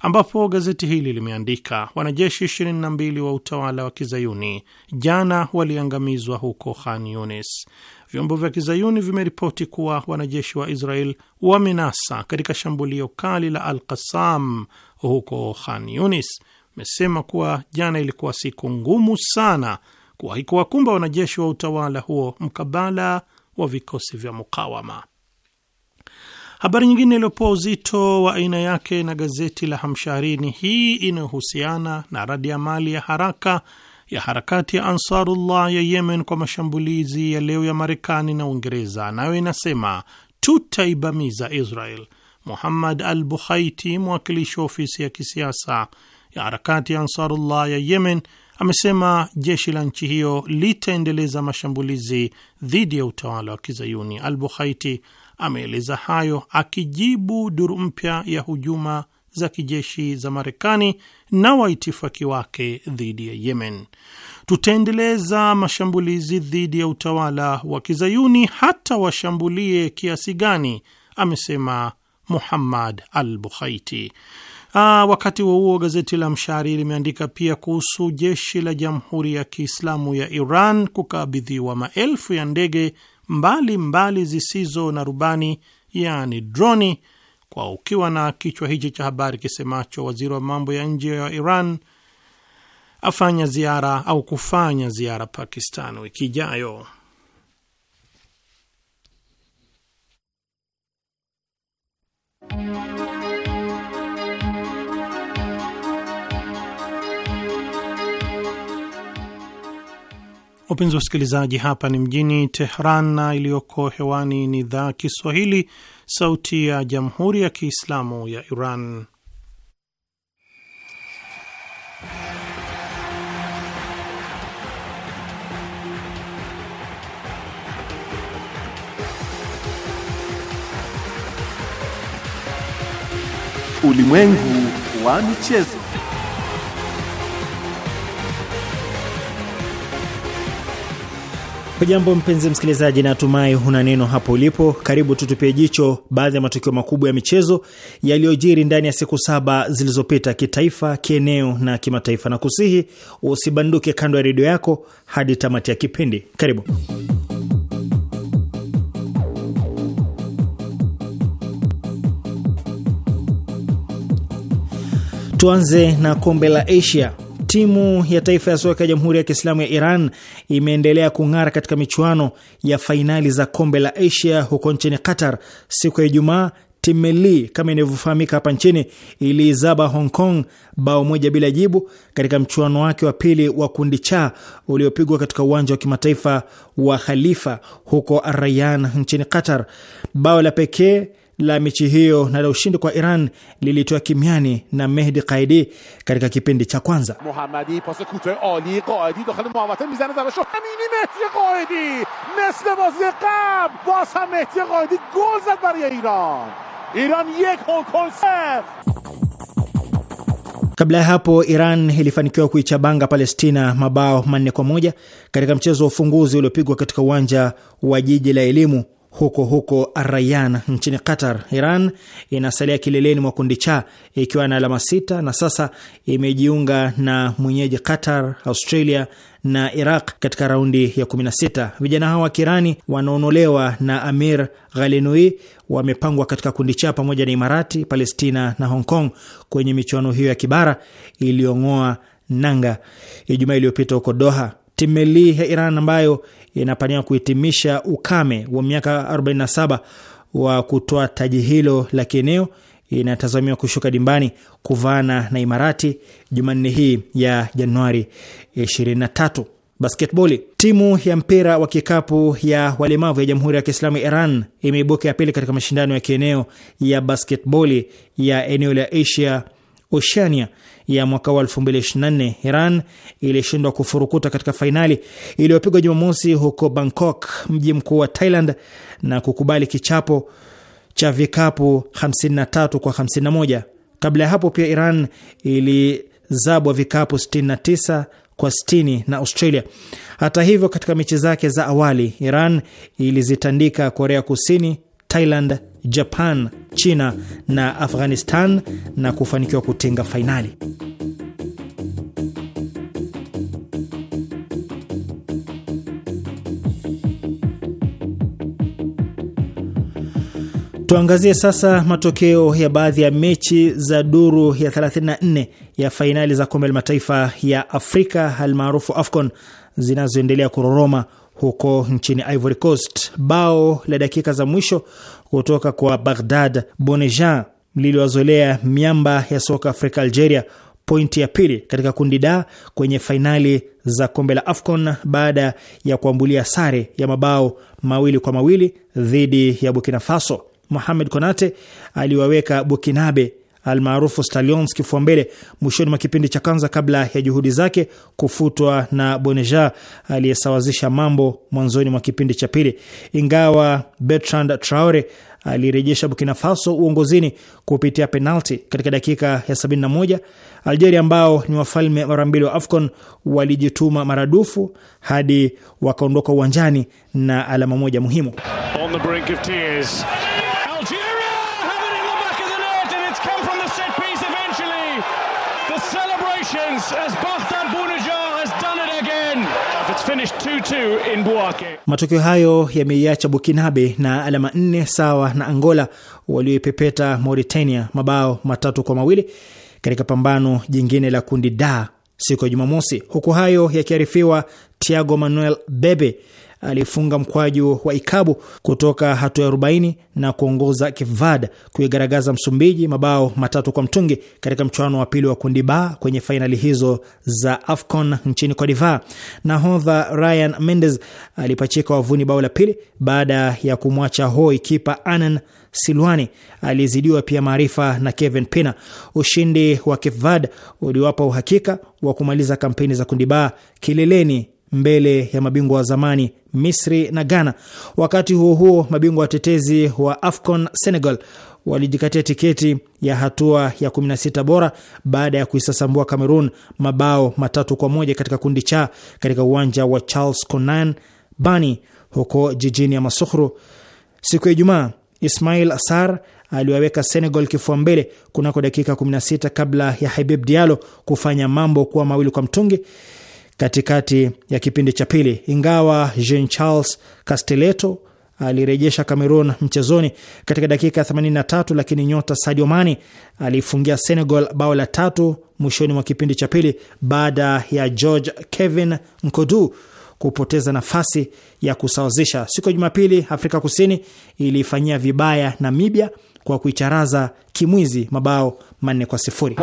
ambapo gazeti hili limeandika wanajeshi 22 wa utawala wa kizayuni jana waliangamizwa huko Khan Yunis. Vyombo vya kizayuni vimeripoti kuwa wanajeshi wa Israel wamenasa katika shambulio kali la Al Qassam huko Khan Yunis. Imesema kuwa jana ilikuwa siku ngumu sana kuwahi kuwakumba wanajeshi wa utawala huo mkabala wa vikosi vya mukawama. Habari nyingine iliyopoa uzito wa aina yake na gazeti la Hamsharini, hii inayohusiana na radi ya mali ya haraka ya harakati ya Ansarullah ya Yemen kwa mashambulizi ya leo ya Marekani na Uingereza, nayo inasema tutaibamiza Israel. Muhammad al buhaiti mwakilishi wa ofisi ya kisiasa ya harakati ya Ansarullah ya Yemen, amesema jeshi la nchi hiyo litaendeleza mashambulizi dhidi ya utawala wa Kizayuni. Al buhaiti ameeleza hayo akijibu duru mpya ya hujuma za kijeshi za Marekani na waitifaki wake dhidi ya Yemen. Tutaendeleza mashambulizi dhidi ya utawala wa kizayuni hata washambulie kiasi gani, amesema Muhammad al Bukhaiti. Aa, ah, wakati huo huo gazeti la Mshari limeandika pia kuhusu jeshi la Jamhuri ya Kiislamu ya Iran kukabidhiwa maelfu ya ndege mbali mbali zisizo na rubani, yaani droni, kwa ukiwa na kichwa hichi cha habari kisemacho waziri wa mambo ya nje wa Iran afanya ziara au kufanya ziara Pakistan wiki ijayo. Wapenzi wa usikilizaji hapa ni mjini Tehran na iliyoko hewani ni idhaa Kiswahili sauti ya jamhuri ya Kiislamu ya Iran. Ulimwengu wa michezo. Hujambo mpenzi msikilizaji, natumai huna neno hapo ulipo. Karibu tutupie jicho baadhi ya matukio makubwa ya michezo yaliyojiri ndani ya siku saba zilizopita, kitaifa, kieneo na kimataifa, na kusihi usibanduke kando ya redio yako hadi tamati ya kipindi. Karibu. Tuanze na kombe la Asia Timu ya taifa ya soka ya Jamhuri ya Kiislamu ya Iran imeendelea kung'ara katika michuano ya fainali za kombe la Asia huko nchini Qatar. Siku ya Ijumaa, timu Melli kama inavyofahamika hapa nchini iliizaba Hong Kong bao moja bila jibu katika mchuano wake wa pili wa kundi cha uliopigwa katika uwanja wa kimataifa wa Khalifa huko Ar Rayyan nchini Qatar. Bao la pekee la mechi hiyo na la ushindi kwa Iran lilitoa kimiani na Mehdi Qaidi katika kipindi cha kwanza. Kabla ya hapo Iran ilifanikiwa kuichabanga Palestina mabao manne kwa moja katika mchezo wa ufunguzi uliopigwa katika uwanja wa jiji la elimu huko huko Rayan nchini Qatar. Iran inasalia kileleni mwa kundi cha ikiwa na alama sita na sasa imejiunga na mwenyeji Qatar, Australia na Iraq katika raundi ya 16. Vijana hawa wa Kirani wanaonolewa na Amir Ghalinui wamepangwa katika kundi cha pamoja na Imarati, Palestina na Hong Kong kwenye michuano hiyo ya kibara iliyong'oa nanga Ijumaa iliyopita huko Doha. Timu ya Iran ambayo inapania kuhitimisha ukame wa miaka 47 wa kutoa taji hilo la kieneo inatazamiwa kushuka dimbani kuvaana na Imarati Jumanne hii ya Januari 23. Basketboli. Timu ya mpira wa kikapu ya walemavu ya Jamhuri ya Kiislamu Iran imeibuka ya pili katika mashindano ya kieneo ya basketboli ya eneo la Asia Oceania ya mwaka wa 2024 Iran ilishindwa kufurukuta katika fainali iliyopigwa Jumamosi huko Bangkok, mji mkuu wa Thailand, na kukubali kichapo cha vikapu 53 kwa 51. Kabla ya hapo pia Iran ilizabwa vikapu 69 kwa 60 na Australia. Hata hivyo, katika mechi zake za awali Iran ilizitandika Korea Kusini, Thailand, Japan China na Afghanistan na kufanikiwa kutinga fainali. Tuangazie sasa matokeo ya baadhi ya mechi za duru ya 34 ya fainali za kombe la mataifa ya Afrika almaarufu AFCON zinazoendelea kuroroma huko nchini Ivory Coast. Bao la dakika za mwisho kutoka kwa Baghdad Bonejan liliwazolea miamba ya soka Afrika Algeria pointi ya pili katika kundi da kwenye fainali za kombe la AFCON baada ya kuambulia sare ya mabao mawili kwa mawili dhidi ya Burkina Faso. Mohamed Konate aliwaweka Bukinabe almaarufu Stallions kifua mbele mwishoni mwa kipindi cha kwanza, kabla ya juhudi zake kufutwa na Boneja aliyesawazisha mambo mwanzoni mwa kipindi cha pili. Ingawa Bertrand Traore alirejesha Burkina Faso uongozini kupitia penalti katika dakika ya 71, Algeria ambao ni wafalme mara mbili wa AFCON walijituma maradufu hadi wakaondoka uwanjani na alama moja muhimu. On the brink of tears. Matokeo hayo yameiacha Bukinabe na alama nne sawa na Angola walioipepeta Mauritania mabao matatu kwa mawili katika pambano jingine la kundi da siku ya Jumamosi. Huku hayo yakiarifiwa, Tiago Manuel Bebe alifunga mkwaju wa ikabu kutoka hatua ya 40 na kuongoza Kivada kuigaragaza Msumbiji mabao matatu kwa mtungi katika mchuano wa pili wa kundi ba kwenye fainali hizo za AFCON nchini Cote d'Ivoire. Nahodha Ryan Mendes alipachika wavuni bao la pili baada ya kumwacha hoi kipa Anan Silwani alizidiwa pia maarifa na Kevin Pina. Ushindi wa Cape uliwapa uhakika wa kumaliza kampeni za kundi ba kileleni mbele ya mabingwa wa zamani Misri na Ghana. Wakati huo huo, mabingwa watetezi wa AFCON Senegal walijikatia tiketi ya hatua ya 16 bora baada ya kuisasambua Cameroon mabao matatu kwa moja katika kundi cha katika uwanja wa Charles Konan Bani huko jijini ya Masukhru siku ya Ijumaa. Ismail Assar aliwaweka Senegal kifua mbele kunako dakika 16 kabla ya Habib Diallo kufanya mambo kuwa mawili kwa mtungi katikati ya kipindi cha pili, ingawa Jean Charles Castelletto alirejesha Cameroon mchezoni katika dakika ya 83, lakini nyota Sadio Mane aliifungia Senegal bao la tatu mwishoni mwa kipindi cha pili baada ya George Kevin Nkodu kupoteza nafasi ya kusawazisha. Siku ya Jumapili, Afrika Kusini ilifanyia vibaya Namibia kwa kuicharaza kimwizi mabao manne kwa sifuri.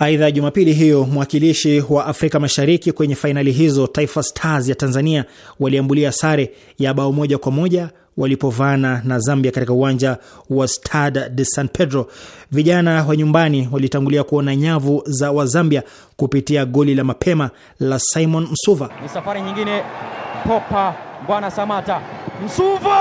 Aidha, Jumapili hiyo mwakilishi wa Afrika Mashariki kwenye fainali hizo Taifa Stars ya Tanzania waliambulia sare ya bao moja kwa moja walipovana na Zambia katika uwanja wa Stade de San Pedro. Vijana wa nyumbani walitangulia kuona nyavu za Wazambia kupitia goli la mapema la Simon Msuva. Ni safari nyingine, popa Bwana Samata Msuva,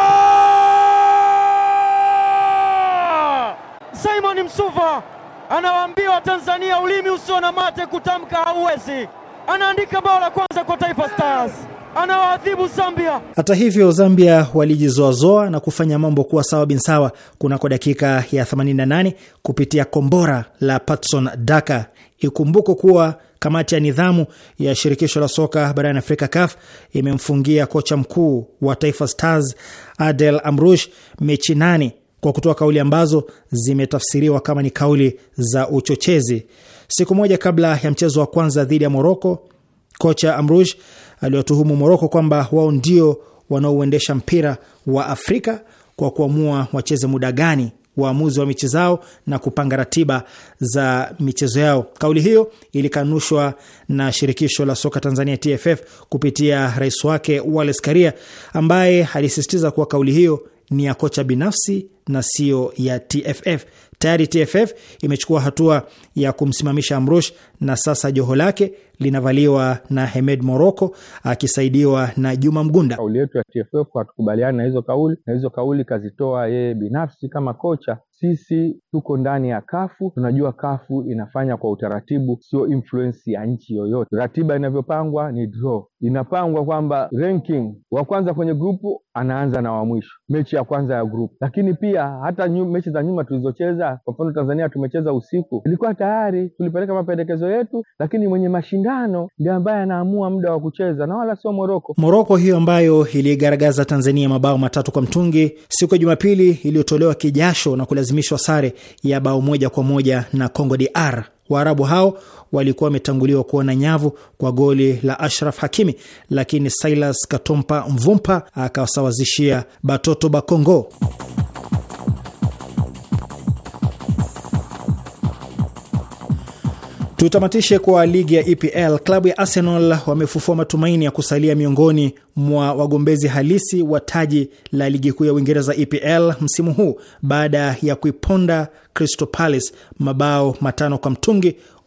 Simon Msuva anawaambia Watanzania ulimi usio na mate kutamka hauwezi. Anaandika bao la kwanza kwa Taifa Stars, anawaadhibu Zambia. Hata hivyo, Zambia walijizoazoa na kufanya mambo kuwa sawa bin sawa kunako dakika ya 88 kupitia kombora la Patson Daka. Ikumbuko kuwa kamati ya nidhamu ya shirikisho la soka barani Afrika, CAF, imemfungia kocha mkuu wa Taifa Stars Adel Amrush mechi nane kwa kutoa kauli ambazo zimetafsiriwa kama ni kauli za uchochezi. Siku moja kabla ya mchezo wa kwanza dhidi ya Moroko, kocha Amrouche aliwatuhumu Moroko kwamba wao ndio wanaouendesha mpira wa Afrika kwa kuamua wacheze muda gani, waamuzi wa mechi zao na kupanga ratiba za michezo yao. Kauli hiyo ilikanushwa na shirikisho la soka Tanzania TFF kupitia rais wake Wallace Karia ambaye alisisitiza kuwa kauli hiyo ni ya kocha binafsi na siyo ya TFF. Tayari TFF imechukua hatua ya kumsimamisha Amrush na sasa joho lake linavaliwa na Hemed Moroko akisaidiwa na Juma Mgunda. Kauli yetu ya TFF hatukubaliani na hizo kauli, na hizo kauli kazitoa yeye binafsi kama kocha. Sisi Tuko ndani ya kafu, tunajua kafu inafanya kwa utaratibu, sio influensi ya nchi yoyote. Ratiba inavyopangwa ni draw, inapangwa kwamba ranking wa kwanza kwenye grupu anaanza na wa mwisho, mechi ya kwanza ya grupu. Lakini pia hata nyu, mechi za nyuma tulizocheza, kwa mfano Tanzania tumecheza usiku, ilikuwa tayari tulipeleka mapendekezo yetu, lakini mwenye mashindano ndio ambaye anaamua muda wa kucheza na wala sio Moroko. Moroko hiyo ambayo iliigaragaza Tanzania mabao matatu kwa mtungi siku ya Jumapili, iliyotolewa kijasho na kulazimishwa sare ya bao moja kwa moja na Congo DR. Waarabu hao walikuwa wametanguliwa kuona nyavu kwa goli la Ashraf Hakimi, lakini Silas Katompa Mvumpa akawasawazishia Batoto Bakongo. Tutamatishe kwa ligi ya EPL. Klabu ya Arsenal wamefufua matumaini ya kusalia miongoni mwa wagombezi halisi wa taji la ligi kuu ya Uingereza EPL msimu huu baada ya kuiponda Crystal Palace mabao matano kwa mtungi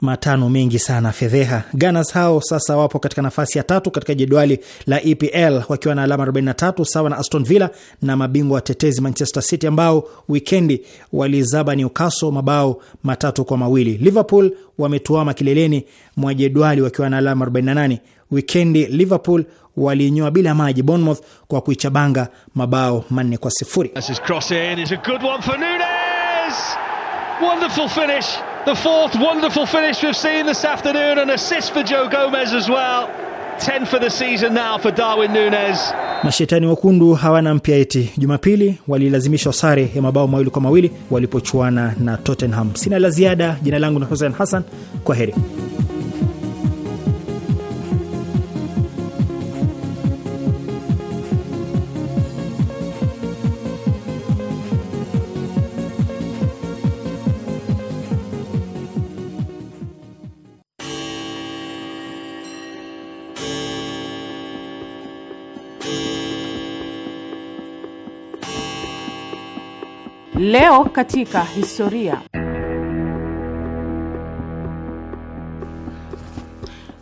matano mengi sana fedheha. Gunners hao sasa wapo katika nafasi ya tatu katika jedwali la EPL wakiwa na alama 43 sawa na Aston Villa na mabingwa watetezi Manchester City ambao wikendi walizaba Newcastle mabao matatu kwa mawili. Liverpool wametuama kileleni mwa jedwali wakiwa na alama 48. Wikendi Liverpool walinyoa bila maji Bournemouth kwa kuichabanga mabao manne kwa sifuri. The fourth wonderful finish we've seen this afternoon, an assist for Joe Gomez as well. 10 for the season now for Darwin nunez Mashetani wekundu hawana mpya eti Jumapili walilazimishwa sare ya mabao mawili kwa mawili walipochuana na Tottenham. Sina la ziada, jina langu ni Hussein Hassan, kwa heri. Leo katika historia.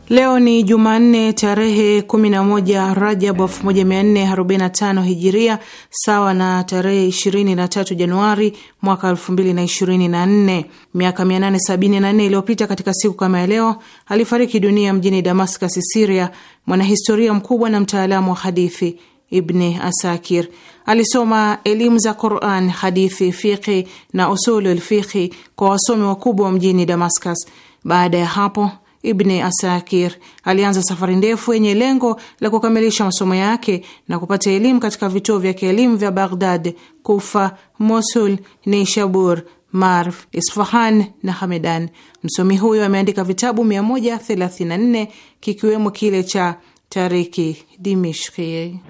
Leo ni Jumanne tarehe 11 Rajab 1445 Hijiria, sawa na tarehe 23 Januari mwaka 2024. Miaka 874 iliyopita katika siku kama ya leo alifariki dunia mjini Damascus, Siria, mwanahistoria mkubwa na mtaalamu wa hadithi Ibni Asakir alisoma elimu za Quran, hadithi, fiqhi na usulul fiqhi kwa wasomi wakubwa mjini Damascus. Baada ya hapo, Ibni Asakir alianza safari ndefu yenye lengo la kukamilisha masomo yake na kupata elimu katika vituo vya kielimu vya Baghdad, Kufa, Mosul, Neishabur, Marv, Isfahan na Hamedan. Msomi huyo ameandika vitabu 134 kikiwemo kile cha Tariki Dimishki.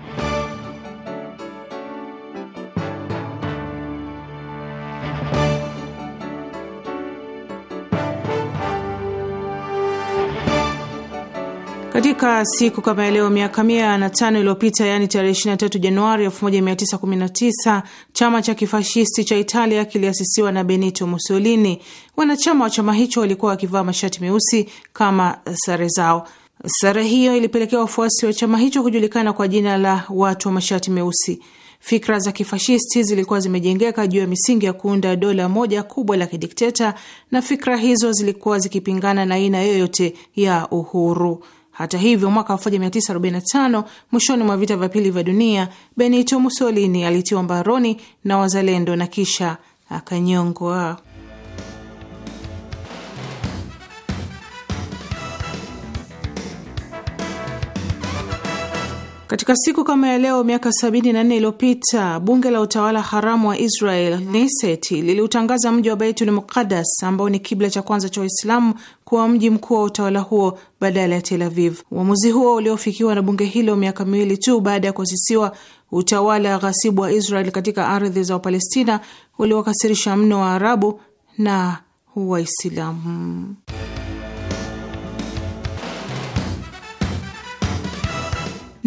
Katika siku kama ya leo miaka mia na tano iliyopita, yaani tarehe 23 Januari 1919, chama cha kifashisti cha Italia kiliasisiwa na Benito Mussolini. Wanachama wa chama hicho walikuwa wakivaa mashati meusi kama sare zao sare hiyo ilipelekea wafuasi wa chama hicho kujulikana kwa jina la watu wa mashati meusi. Fikra za kifashisti zilikuwa zimejengeka juu ya misingi ya kuunda dola moja kubwa la kidikteta, na fikra hizo zilikuwa zikipingana na aina yoyote ya uhuru. Hata hivyo, mwaka 1945 mwishoni mwa vita vya pili vya dunia, Benito Mussolini alitiwa mbaroni na wazalendo na kisha akanyongwa. Katika siku kama ya leo miaka 74 iliyopita bunge la utawala haramu wa Israel Knesset liliutangaza mji wa Baitul Muqaddas ambao ni kibla cha kwanza cha Waislamu kuwa mji mkuu wa utawala huo badala ya Tel Aviv. Uamuzi huo uliofikiwa na bunge hilo miaka miwili tu baada ya kuasisiwa utawala ghasibu wa Israel katika ardhi za Wapalestina uliwakasirisha mno wa arabu na Waislamu.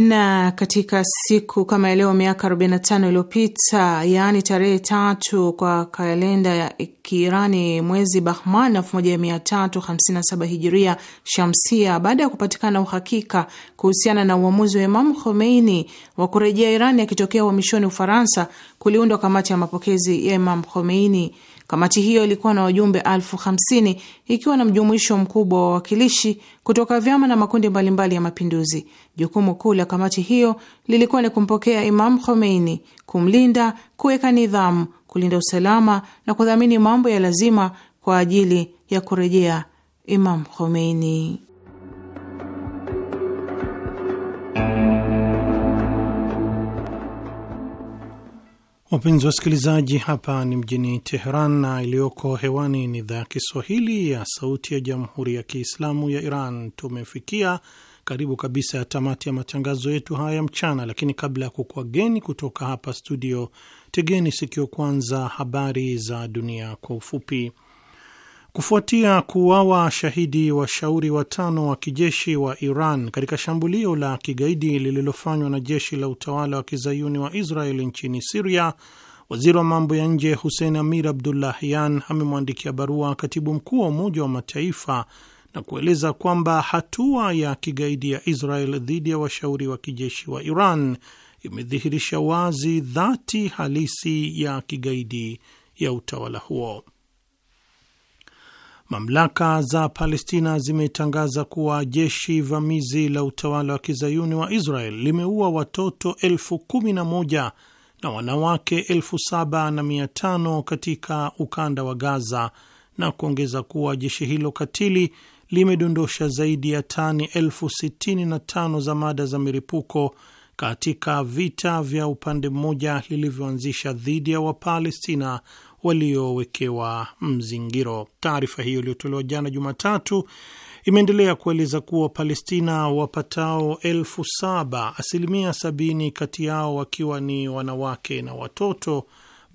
na katika siku kama leo miaka 45 iliyopita, yaani tarehe tatu kwa kalenda ya Kiirani, mwezi Bahman 1357 hijiria shamsia, baada ya kupatikana uhakika kuhusiana na uamuzi wa Imamu Khomeini wa kurejea Irani akitokea uhamishoni Ufaransa, kuliundwa kamati ya mapokezi ya Imamu Khomeini. Kamati hiyo ilikuwa na wajumbe elfu hamsini ikiwa na mjumuisho mkubwa wa wawakilishi kutoka vyama na makundi mbalimbali mbali ya mapinduzi. Jukumu kuu la kamati hiyo lilikuwa ni kumpokea Imam Khomeini, kumlinda, kuweka nidhamu, kulinda usalama na kudhamini mambo ya lazima kwa ajili ya kurejea Imam Khomeini. Wapenzi wasikilizaji, hapa ni mjini Teheran na iliyoko hewani ni idhaa ya Kiswahili ya Sauti ya Jamhuri ya Kiislamu ya Iran. Tumefikia karibu kabisa ya tamati ya matangazo yetu haya mchana, lakini kabla ya geni kutoka hapa studio, tegeni sikio kwanza habari za dunia kwa ufupi kufuatia kuuawa shahidi washauri watano wa kijeshi wa Iran katika shambulio la kigaidi lililofanywa na jeshi la utawala wa kizayuni wa israel nchini Siria. Waziri wa mambo ya nje Hussein Amir Abdullahian amemwandikia barua katibu mkuu wa Umoja wa Mataifa na kueleza kwamba hatua ya kigaidi ya Israel dhidi ya washauri wa kijeshi wa Iran imedhihirisha wazi dhati halisi ya kigaidi ya utawala huo. Mamlaka za Palestina zimetangaza kuwa jeshi vamizi la utawala wa kizayuni wa Israel limeua watoto elfu kumi na moja na wanawake elfu saba na mia tano katika ukanda wa Gaza na kuongeza kuwa jeshi hilo katili limedondosha zaidi ya tani elfu sitini na tano za mada za miripuko katika vita vya upande mmoja lilivyoanzisha dhidi ya Wapalestina waliowekewa mzingiro. Taarifa hiyo iliyotolewa jana Jumatatu imeendelea kueleza kuwa Wapalestina wapatao elfu saba, asilimia sabini kati yao wakiwa ni wanawake na watoto,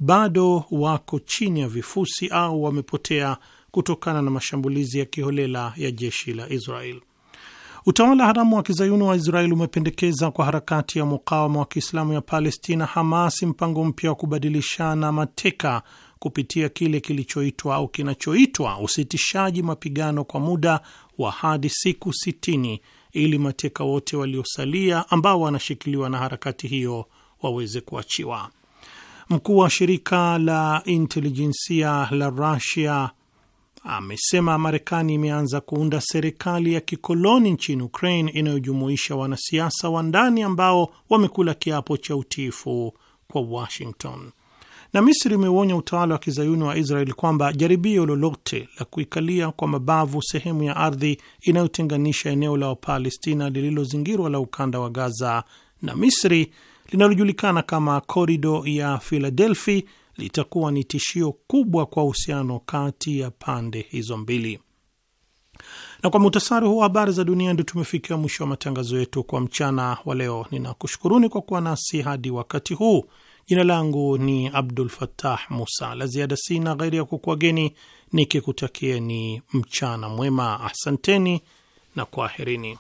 bado wako chini ya vifusi au wamepotea kutokana na mashambulizi ya kiholela ya jeshi la Israel. Utawala haramu wa kizayuni wa Israel umependekeza kwa harakati ya mukawama wa kiislamu ya Palestina, Hamas, mpango mpya wa kubadilishana mateka kupitia kile kilichoitwa au kinachoitwa usitishaji mapigano kwa muda wa hadi siku sitini ili mateka wote waliosalia ambao wanashikiliwa na harakati hiyo waweze kuachiwa. Mkuu wa shirika la intelijensia la rusia amesema Marekani imeanza kuunda serikali ya kikoloni nchini Ukraine inayojumuisha wanasiasa wa ndani ambao wamekula kiapo cha utiifu kwa Washington. Na Misri imeuonya utawala wa kizayuni wa israel kwamba jaribio lolote la kuikalia kwa mabavu sehemu ya ardhi inayotenganisha eneo la Wapalestina lililozingirwa la ukanda wa Gaza na Misri linalojulikana kama korido ya Filadelfi litakuwa ni tishio kubwa kwa uhusiano kati ya pande hizo mbili. Na kwa muhtasari huu wa habari za dunia, ndio tumefikia mwisho wa matangazo yetu kwa mchana wa leo. Ninakushukuruni kwa kuwa nasi hadi wakati huu. Jina langu ni Abdul Fattah Musa. La ziada sina ghairi ya kukwageni nikikutakieni mchana mwema. Asanteni na kwaherini.